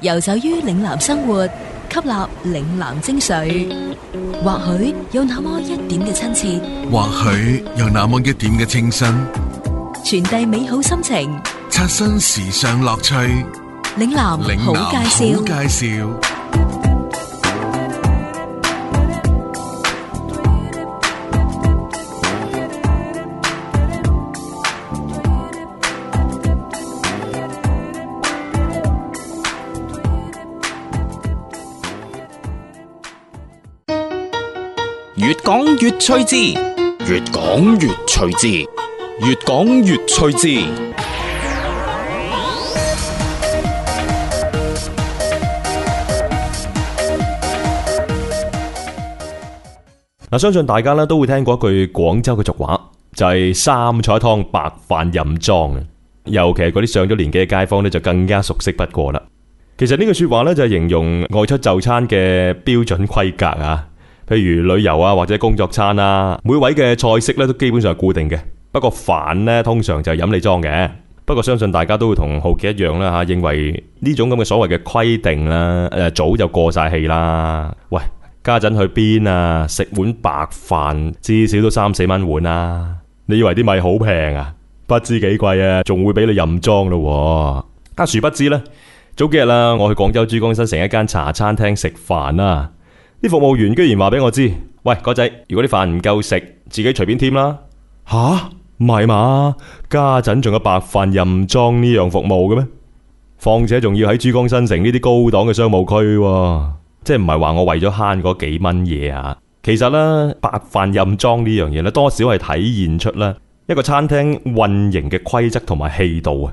遊走於嶺南生活，吸納嶺南精髓。或許有那麼一點嘅親切，或許有那麼一點嘅清新，傳遞美好心情，刷新時尚樂趣。嶺南好介紹。越趣字，越講越趣字，越講越趣字。嗱，相信大家咧都會聽過一句廣州嘅俗話，就係、是、三菜一湯白飯任裝嘅。尤其係嗰啲上咗年紀嘅街坊呢就更加熟悉不過啦。其實呢句說話呢，就係形容外出就餐嘅標準規格啊。譬如旅遊啊，或者工作餐啊，每位嘅菜式咧都基本上係固定嘅。不過飯咧通常就係飲你裝嘅。不過相信大家都會同浩杰一樣啦吓、啊，認為呢種咁嘅所謂嘅規定啦，誒、啊、早就過晒氣啦。喂，家陣去邊啊？食碗白飯至少都三四蚊碗啦。你以為啲米好平啊？不知幾貴啊，仲會俾你任裝咯。家、啊、殊不知咧，早幾日啦、啊，我去廣州珠江新城一間茶餐廳食飯啦。啲服務員居然話俾我知，喂，哥仔，如果啲飯唔夠食，自己隨便添啦。吓、啊，唔係嘛？家陣仲有白飯任裝呢樣服務嘅咩？況且仲要喺珠江新城呢啲高檔嘅商務區、啊，即係唔係話我為咗慳嗰幾蚊嘢啊？其實呢，白飯任裝呢樣嘢呢，多少係體現出咧一個餐廳運營嘅規則同埋氣度啊。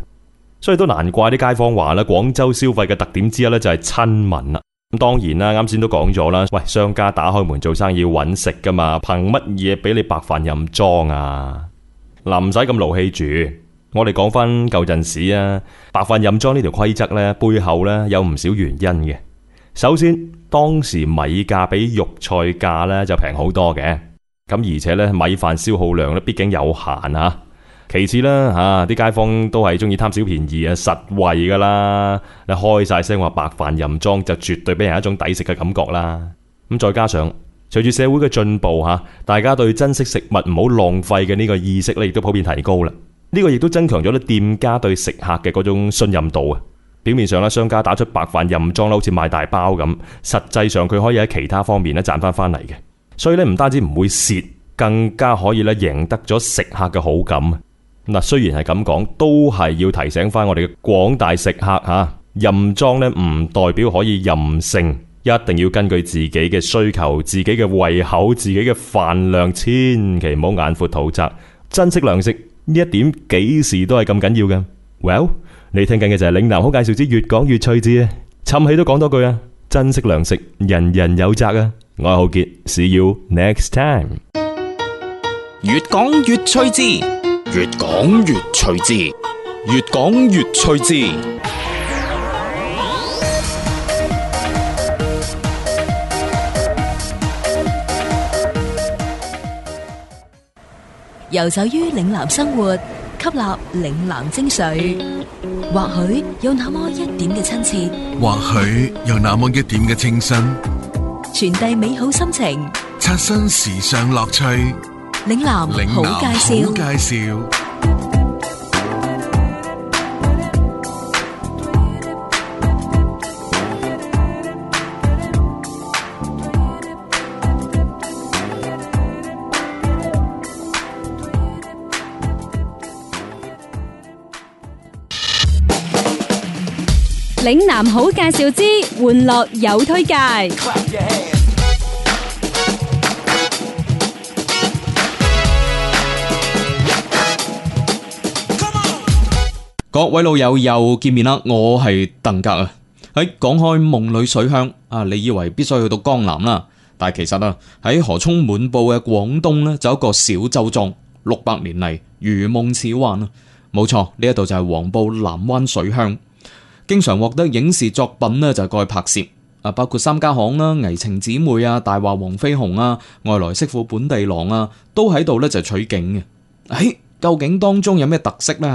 所以都難怪啲街坊話咧，廣州消費嘅特點之一呢，就係親民啦。咁當然啦，啱先都講咗啦。喂，商家打開門做生意要揾食噶嘛，憑乜嘢俾你白飯任裝啊？嗱、啊，唔使咁勞氣住，我哋講翻舊陣時啊，白飯任裝呢條規則呢，背後呢有唔少原因嘅。首先，當時米價比肉菜價呢就平好多嘅，咁而且呢，米飯消耗量咧畢竟有限啊。其次啦，嚇、啊、啲街坊都係中意貪小便宜啊，實惠㗎啦！你開晒聲話白飯任裝，就絕對俾人一種抵食嘅感覺啦。咁再加上隨住社會嘅進步嚇，大家對珍惜食物唔好浪費嘅呢個意識咧，亦都普遍提高啦。呢、呢個亦都增強咗啲店家對食客嘅嗰種信任度啊。表面上咧，商家打出白飯任裝啦，好似賣大包咁，實際上佢可以喺其他方面咧賺返返嚟嘅。所以咧，唔單止唔會蝕，更加可以咧贏得咗食客嘅好感。嗱，雖然係咁講，都係要提醒翻我哋嘅廣大食客吓，任裝咧唔代表可以任性，一定要根據自己嘅需求、自己嘅胃口、自己嘅飯量，千祈唔好眼闊肚窄，珍惜糧食呢一點，幾時都係咁緊要嘅。Well，你聽緊嘅就係嶺南好介紹之越講越趣智啊，趁機都講多句啊，珍惜糧食，人人有責啊！我係浩傑，See you next time，越講越趣智。越講越趣致，越講越趣致。游走於嶺南生活，吸納嶺南精髓，或許有那麼一點嘅親切，或許有那麼一點嘅清新，傳遞美好心情，刷新時尚樂趣。嶺南好介紹，嶺南好介紹。嶺南好介紹之玩樂有推介。各位老友又見面啦，我係鄧格啊！喺、哎、講開夢裏水鄉啊，你以為必須去到江南啦，但係其實啊，喺河涌滿布嘅廣東呢，就有一個小周莊，六百年嚟，如夢似幻啊！冇錯，呢一度就係黃埔南灣水鄉，經常獲得影視作品呢，就過去拍攝啊，包括《三家巷》啦、《危情姊妹》啊、《大話黃飛鴻》啊、《外來媳婦本地郎》啊，都喺度呢，就取景嘅。哎。究竟當中有咩特色呢？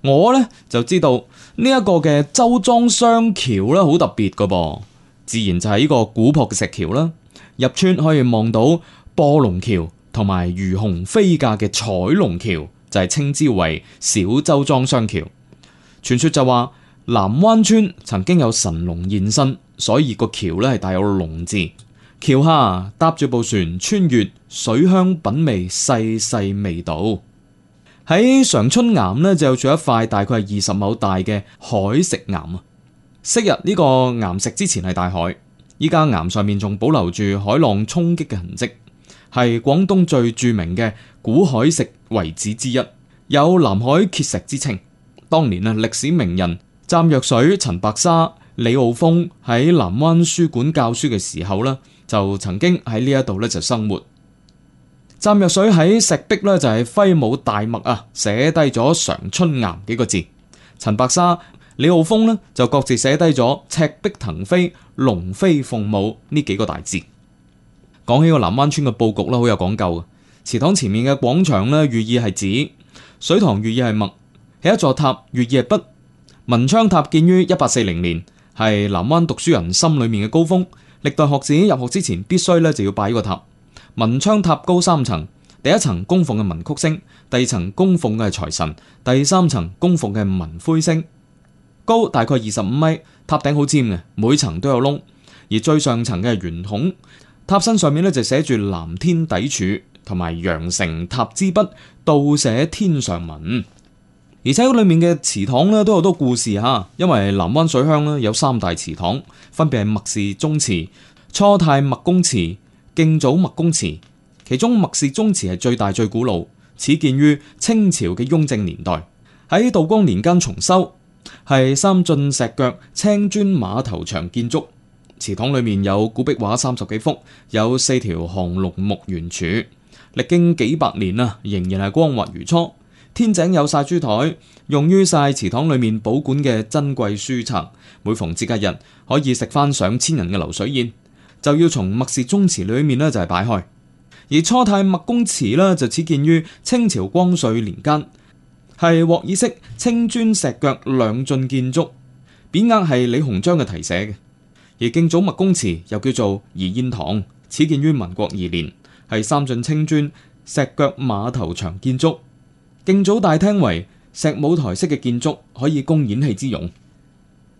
吓，我呢就知道呢一、個嘅周莊雙橋啦，好特別噶噃。自然就係呢個古樸嘅石橋啦。入村可以望到波龍橋同埋如虹飛架嘅彩龍橋，就係、是、稱之為小周莊雙橋。傳說就話南灣村曾經有神龍現身，所以個橋呢係帶有龍字。橋下搭住部船，穿越水鄉，品味細細味道。喺常春岩咧，就住一塊大概係二十畝大嘅海蝕岩啊！昔日呢、這個岩石之前係大海，依家岩上面仲保留住海浪沖擊嘅痕跡，係廣東最著名嘅古海蝕遺址之一，有南海碣石之稱。當年啊，歷史名人湛若水、陳白沙、李奧峰喺南灣書館教書嘅時候咧，就曾經喺呢一度咧就生活。浸入水喺石壁咧，就係揮舞大墨啊，寫低咗常春岩幾個字。陳白沙、李浩峰呢，就各自寫低咗赤壁騰飛、龍飛鳳舞呢幾個大字。講起個南灣村嘅布局啦，好有講究，祠堂前面嘅廣場咧，寓意係指水塘，寓意係墨，起一座塔，寓意係筆。文昌塔建於一八四零年，係南灣讀書人心裏面嘅高峰。歷代學子入學之前，必須咧就要拜呢個塔。文昌塔高三層，第一層供奉嘅文曲星，第二層供奉嘅係財神，第三層供奉嘅文魁星。高大概二十五米，塔頂好尖嘅，每層都有窿，而最上層嘅係圓孔。塔身上面咧就寫住“藍天底柱”同埋“羊城塔之筆，倒寫天上文”。而且裏面嘅祠堂咧都有好多故事吓，因為南灣水鄉咧有三大祠堂，分別係麥氏宗祠、初泰麥公祠。敬祖麥公祠，其中麥氏宗祠係最大最古老，始建於清朝嘅雍正年代，喺道光年間重修，係三進石腳青磚馬頭牆建築。祠堂裏面有古壁畫三十幾幅，有四條紅綠木圓柱，歷經幾百年啊，仍然係光滑如初。天井有晒珠台，用於曬祠堂裏面保管嘅珍貴書冊。每逢節假日，可以食翻上千人嘅流水宴。就要從麥氏宗祠裏面呢，就係擺開。而初泰麥公祠呢，就始建於清朝光緒年間，係鑊耳式青磚石腳兩進建築，匾額係李鴻章嘅題寫嘅。而敬祖麥公祠又叫做怡燕堂，始建於民國二年，係三進青磚石腳馬頭牆建築，敬祖大廳為石舞台式嘅建築，可以供演戲之用。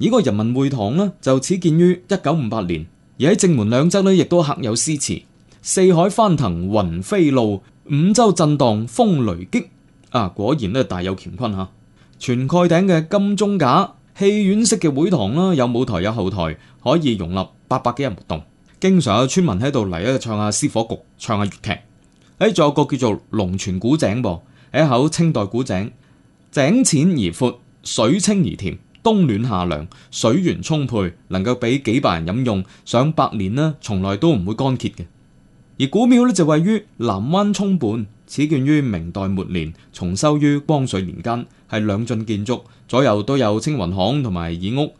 而個人民會堂呢，就始建於一九五八年。而喺正門兩側呢，亦都刻有詩詞：四海翻騰雲飛路，五洲震盪風雷激。啊，果然呢，大有乾坤哈！全蓋頂嘅金鐘架，戲院式嘅會堂啦，有舞台有後台，可以容納八百幾人活動。經常有村民喺度嚟咧唱下私伙局，唱下粵劇。喺仲有個叫做龍泉古井噃，係一口清代古井，井淺而闊，水清而甜，冬暖夏涼，水源充沛，能夠俾幾百人飲用上百年呢，從來都唔會乾竭嘅。而古廟呢，就位於南灣涌畔，始建於明代末年，重修於光緒年間，係兩進建築，左右都有青雲巷同埋耳屋。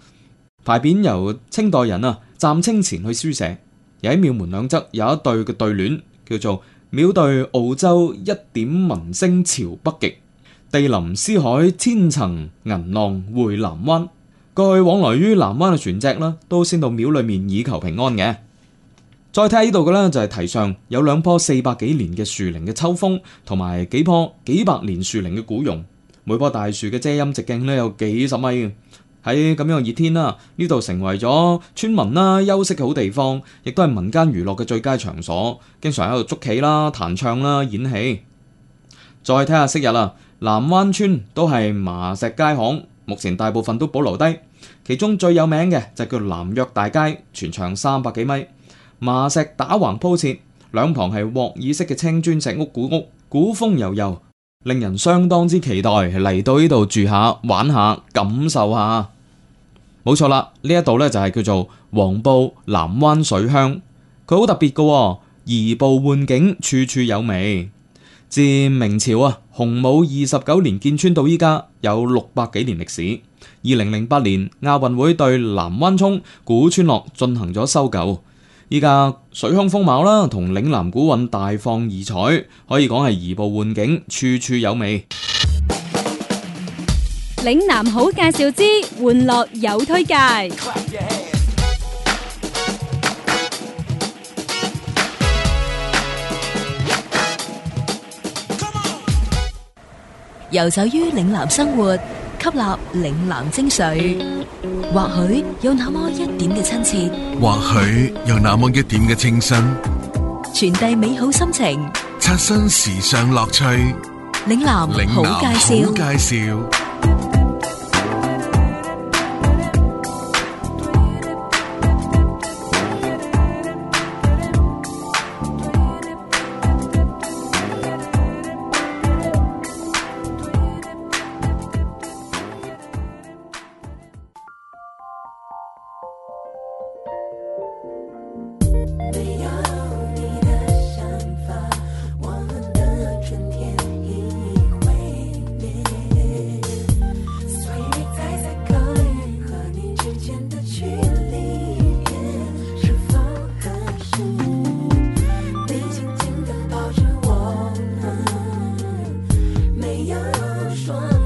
牌匾由清代人啊湛清前去書寫，而喺廟門兩側有一對嘅對聯，叫做「廟對澳洲一點文星朝北極」。桂林思海千層銀浪回南灣。過往來於南灣嘅船隻啦，都先到廟裏面以求平安嘅。再睇下呢度嘅呢，就係堤上有兩棵四百幾年嘅樹齡嘅秋楓，同埋幾棵幾百年樹齡嘅古榕，每棵大樹嘅遮陰直徑咧有幾十米。喺咁樣嘅熱天啦，呢度成為咗村民啦、啊、休息嘅好地方，亦都係民間娛樂嘅最佳場所，經常喺度捉棋啦、彈唱啦、演戲。再睇下昔日啦、啊。南灣村都係麻石街巷，目前大部分都保留低，其中最有名嘅就叫南約大街，全長三百幾米，麻石打橫鋪設，兩旁係鑊耳式嘅青磚石屋古屋，古風悠悠，令人相當之期待嚟到呢度住下、玩下、感受下。冇錯啦，呢一度呢，就係叫做黃埔南灣水鄉，佢好特別㗎，移步換景，處處有美。自明朝啊，洪武二十九年建村到依家有六百幾年歷史。二零零八年亞運會對南灣涌古村落進行咗修舊，依家水鄉風貌啦同嶺南古韻大放異彩，可以講係移步換景，處處有味。嶺南好介紹之，玩樂有推介。遊走於嶺南生活，吸納嶺南精髓，或許有那麼一點嘅親切，或許有那麼一點嘅清新，傳遞美好心情，刷新時尚樂趣。嶺南好介紹。都說。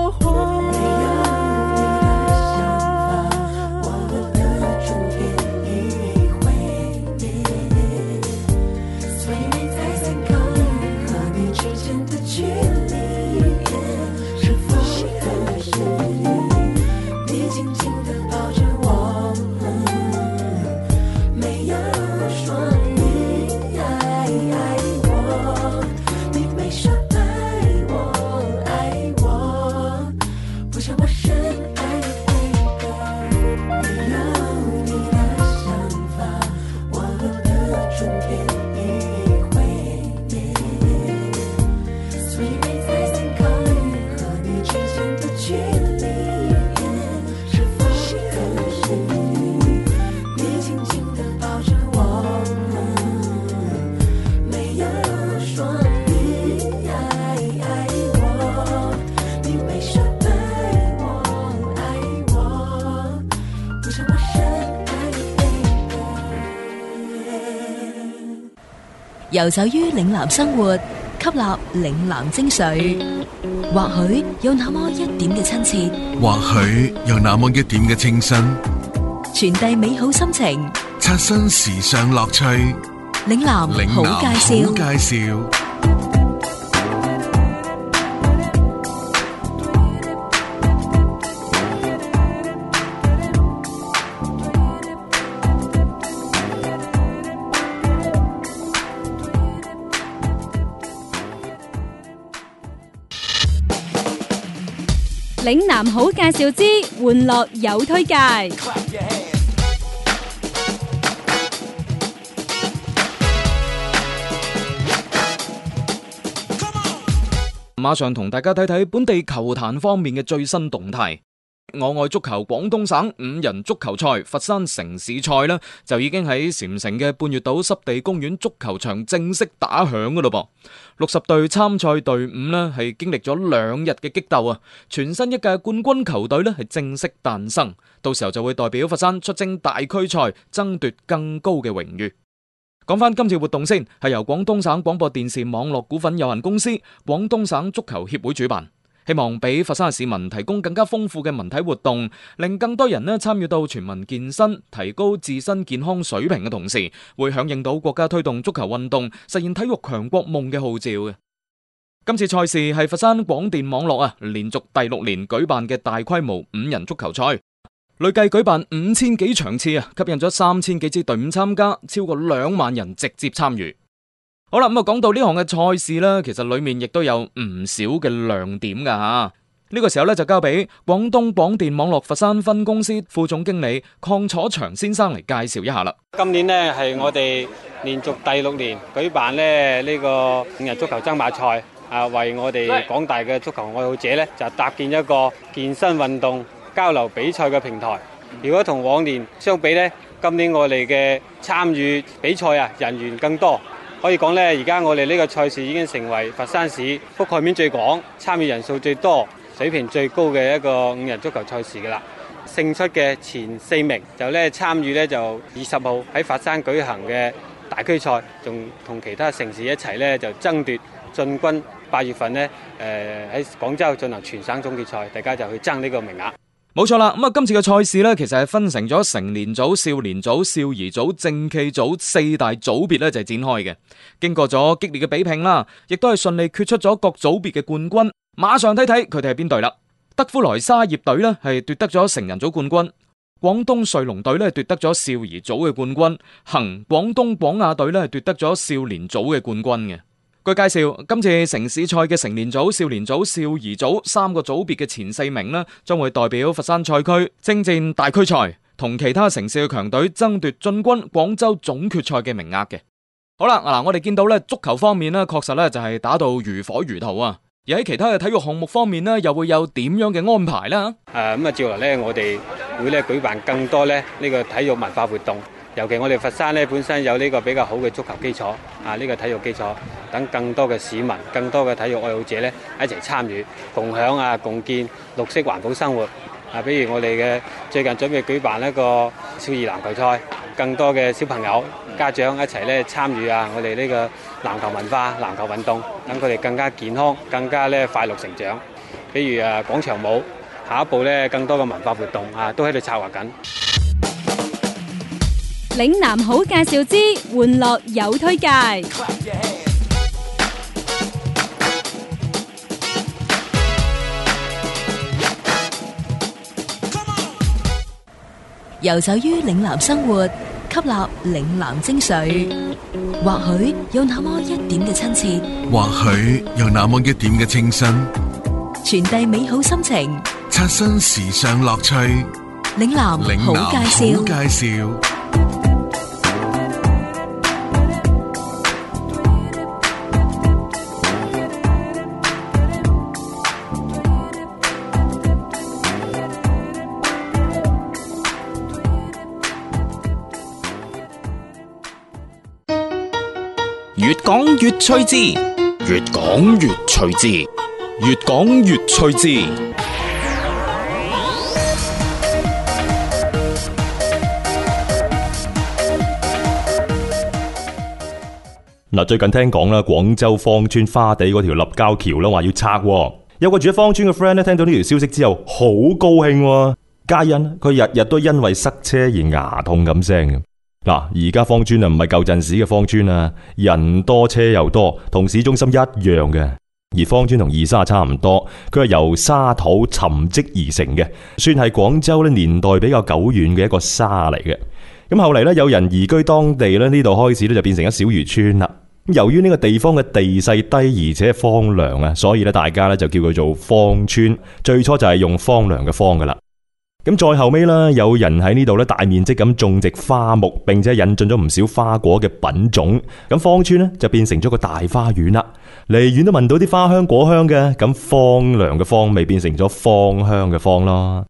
遊走於嶺南生活，吸納嶺南精髓，或許有那麼一點嘅親切，或許有那麼一點嘅清新，傳遞美好心情，刷新時尚樂趣。嶺南好介紹，好介紹。嶺南好介紹之，玩樂有推介。馬上同大家睇睇本地球壇方面嘅最新動態。我愛足球，廣東省五人足球賽、佛山城市賽呢，就已經喺禪城嘅半月島濕地公園足球場正式打響噶咯噃。六十隊參賽隊伍呢，係經歷咗兩日嘅激鬥啊，全新一屆冠軍球隊呢，係正式誕生，到時候就會代表佛山出征大區賽，爭奪更高嘅榮譽。講翻今次活動先，係由廣東省廣播電視網絡股份有限公司、廣東省足球協會主辦。希望俾佛山市民提供更加豐富嘅文體活動，令更多人呢參與到全民健身，提高自身健康水平嘅同時，會響應到國家推動足球運動，實現體育強國夢嘅號召嘅。今次賽事係佛山廣電網絡啊，連續第六年舉辦嘅大規模五人足球賽，累計舉辦五千幾場次啊，吸引咗三千幾支隊伍參加，超過兩萬人直接參與。好啦，咁啊，講到呢項嘅賽事啦，其實裏面亦都有唔少嘅亮點噶吓。呢個時候咧就交俾廣東廣電網絡佛山分公司副總經理鄺楚祥先生嚟介紹一下啦。今年咧係我哋連續第六年舉辦咧呢個五日足球爭霸賽，啊，為我哋廣大嘅足球愛好者咧就搭建一個健身運動、交流比賽嘅平台。如果同往年相比咧，今年我哋嘅參與比賽啊人員更多。可以講咧，而家我哋呢個賽事已經成為佛山市覆蓋面最廣、參與人數最多、水平最高嘅一個五人足球賽事㗎啦。勝出嘅前四名就咧參與咧就二十號喺佛山舉行嘅大區賽，仲同其他城市一齊咧就爭奪進軍八月份咧誒喺廣州進行全省總決賽，大家就去爭呢個名額。.冇錯啦，咁啊，今次嘅賽事呢，其實係分成咗成年組、少年組、少兒組、正氣組四大組別咧，就係展開嘅。經過咗激烈嘅比拼啦，亦都係順利決出咗各組別嘅冠軍。馬上睇睇佢哋係邊隊啦。德夫萊沙業隊呢，係奪得咗成人組冠軍。廣東瑞龍隊呢，係奪得咗少兒組嘅冠軍。行廣東廣亞隊呢，係奪得咗少年組嘅冠軍嘅。據介紹，今次城市賽嘅成年組、少年組、少兒組三個組別嘅前四名呢，將會代表佛山賽區征戰大區賽，同其他城市嘅強隊爭奪進軍廣州總決賽嘅名額嘅。好啦，嗱、啊，我哋見到咧足球方面呢，確實咧就係打到如火如荼啊！而喺其他嘅體育項目方面呢，又會有點樣嘅安排咧？誒，咁啊，將來咧我哋會咧舉辦更多咧呢、這個體育文化活動，尤其我哋佛山呢本身有呢個比較好嘅足球基礎啊，呢、這個體育基礎。等更多嘅市民、更多嘅體育愛好者咧，一齊參與，共享啊，共建綠色環保生活。啊，比如我哋嘅最近準備舉辦一個少兒籃球賽，更多嘅小朋友、家長一齊咧參與啊，我哋呢個籃球文化、籃球運動，等佢哋更加健康、更加咧快樂成長。比如啊，廣場舞，下一步咧，更多嘅文化活動啊，都喺度策劃緊。嶺南好介紹之，玩樂有推介。遊走於嶺南生活，吸納嶺南精髓， 趣致，越講越趣致，越講越趣致。嗱，最近聽講啦，廣州芳村花地嗰條立交橋啦，話要拆。有個住喺芳村嘅 friend 咧，聽到呢條消息之後，好高興。皆因佢日日都因為塞車而牙痛咁聲。嗱，而家芳村啊，唔係舊陣時嘅芳村啦，人多車又多，同市中心一樣嘅。而芳村同二沙差唔多，佢係由沙土沉積而成嘅，算係廣州咧年代比較久遠嘅一個沙嚟嘅。咁後嚟咧，有人移居當地咧，呢度開始咧就變成一小漁村啦。由於呢個地方嘅地勢低，而且荒涼啊，所以咧大家咧就叫佢做芳村，最初就係用荒涼嘅荒噶啦。咁再後尾啦，有人喺呢度咧大面積咁種植花木，並且引進咗唔少花果嘅品種。咁芳村咧就變成咗個大花園啦，離遠都聞到啲花香果香嘅。咁荒涼嘅荒未變成咗芳香嘅芳咯。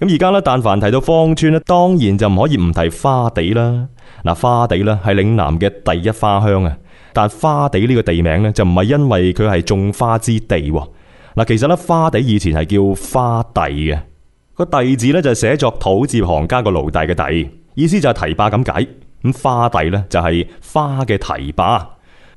咁而家咧，但凡提到芳村咧，當然就唔可以唔提花地啦。嗱，花地咧係嶺南嘅第一花鄉啊。但花地呢個地名咧就唔係因為佢係種花之地。嗱，其實咧花地以前係叫花地嘅。個地字咧就係寫作土字旁加個奴隸嘅隸，意思就係堤壩咁解。咁花地咧就係花嘅堤壩。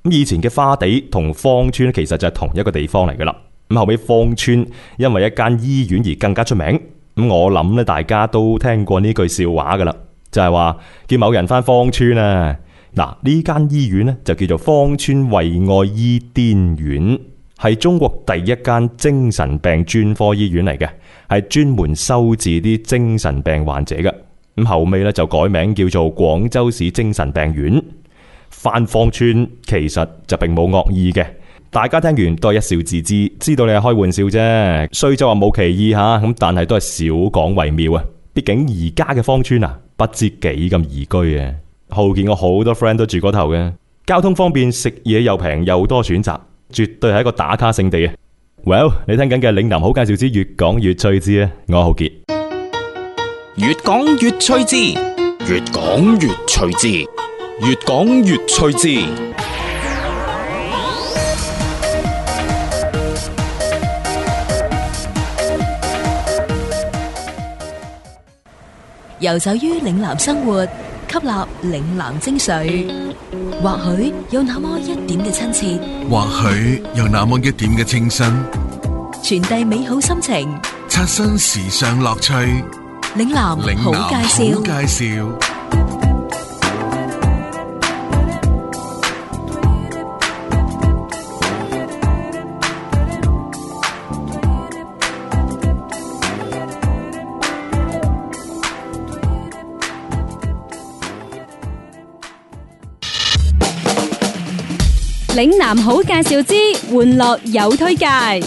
咁以前嘅花地同芳村其實就係同一個地方嚟噶啦。咁後尾芳村因為一間醫院而更加出名。咁我諗咧，大家都聽過呢句笑話噶啦，就係、是、話叫某人返芳村啊。嗱，呢間醫院咧就叫做芳村惠愛醫癲院。係中國第一間精神病專科醫院嚟嘅，係專門收治啲精神病患者嘅。咁後尾咧就改名叫做廣州市精神病院。翻芳村其實就並冇惡意嘅，大家聽完都係一笑自知，知道你係開玩笑啫。雖則話冇歧義吓，咁但係都係少講為妙啊。畢竟而家嘅芳村啊，不知幾咁宜居啊。好見我好多 friend 都住嗰頭嘅，交通方便，食嘢又平又多選擇。絕對係一個打卡勝地嘅。Well，你聽緊嘅《嶺南好介紹之越講越趣知》啊，我浩杰。越講越趣知，越講越趣知，越講越趣知。游走於嶺南生活。吸納嶺南精髓，或許有那麼一點嘅親切，或許有那麼一點嘅清新，傳遞美好心情，刷新時尚樂趣。嶺南好介紹。嶺南好介紹之，玩樂有推介。二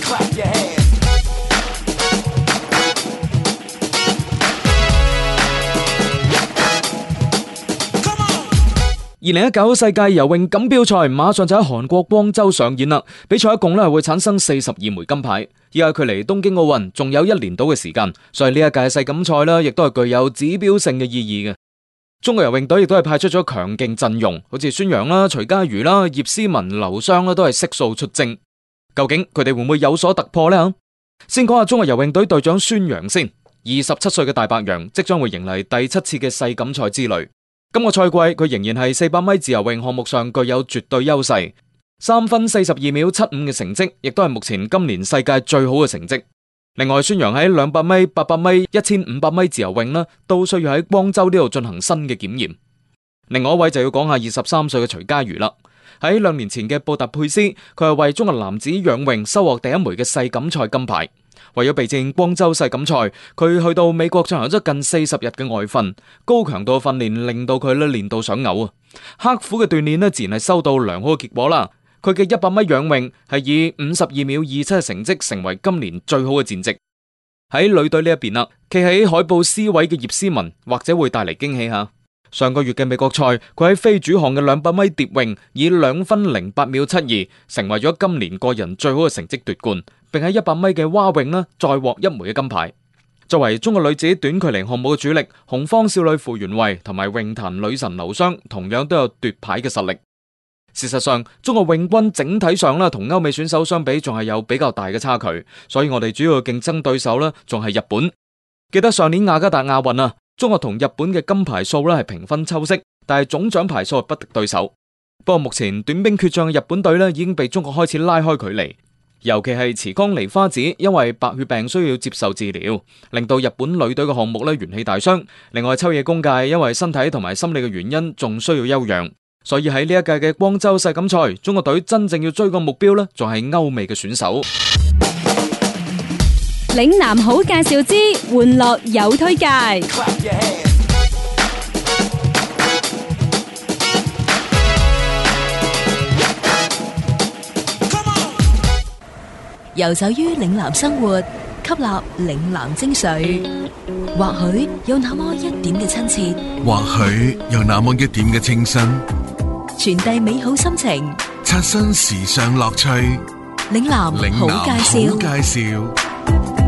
零一九世界游泳錦標賽馬上就喺韓國光州上演啦，比賽一共咧係會產生四十二枚金牌。而家距離東京奧運仲有一年多嘅時間，所以呢一屆世錦賽咧亦都係具有指標性嘅意義嘅。中國游泳隊亦都係派出咗強勁陣容，好似孫楊啦、徐嘉余啦、葉詩文、劉湘啦，都係悉數出征。究竟佢哋會唔會有所突破呢？先講下中國游泳隊隊長孫楊先。二十七歲嘅大白楊即將會迎嚟第七次嘅世錦賽之旅。今個賽季佢仍然係四百米自由泳項目上具有絕對優勢，三分四十二秒七五嘅成績，亦都係目前今年世界最好嘅成績。另外，孫楊喺兩百米、八百米、一千五百米自由泳呢，都需要喺光州呢度進行新嘅檢驗。另外一位就要講下二十三歲嘅徐嘉余啦。喺兩年前嘅布達佩斯，佢係為中國男子仰泳收穫第一枚嘅世錦賽金牌。為咗備戰光州世錦賽，佢去到美國進行咗近四十日嘅外訓，高強度嘅訓練令到佢咧練到想嘔啊！刻苦嘅鍛煉呢，自然係收到良好嘅結果啦。佢嘅一百米仰泳係以五十二秒二七嘅成績成為今年最好嘅戰績。喺女隊呢一邊啦，企喺海報 C 位嘅葉詩文或者會帶嚟驚喜吓。上個月嘅美國賽，佢喺非主項嘅兩百米蝶泳以兩分零八秒七二成為咗今年個人最好嘅成績奪冠，並喺一百米嘅蛙泳呢再獲一枚嘅金牌。作為中國女子短距離項目嘅主力，洪荒少女傅園慧同埋泳壇女神劉湘同樣都有奪牌嘅實力。事實上，中國泳軍整體上呢同歐美選手相比，仲係有比較大嘅差距。所以我哋主要嘅競爭對手呢，仲係日本。記得上年雅加達亞運啊，中國同日本嘅金牌數呢係平分秋色，但係總獎牌數係不敵對手。不過目前短兵缺將嘅日本隊呢，已經被中國開始拉開距離。尤其係池江璃花子，因為白血病需要接受治療，令到日本女隊嘅項目呢元氣大傷。另外秋野公介因為身體同埋心理嘅原因，仲需要休養。所以喺呢一屆嘅光州世錦賽，中國隊真正要追個目標呢，仲係歐美嘅選手。嶺南好介紹之，玩樂有推介。遊走於嶺南生活，吸納嶺南精髓，或許有那麼一點嘅親切，或許有那麼一點嘅清新。傳遞美好心情，刷新時尚樂趣。嶺南好介紹。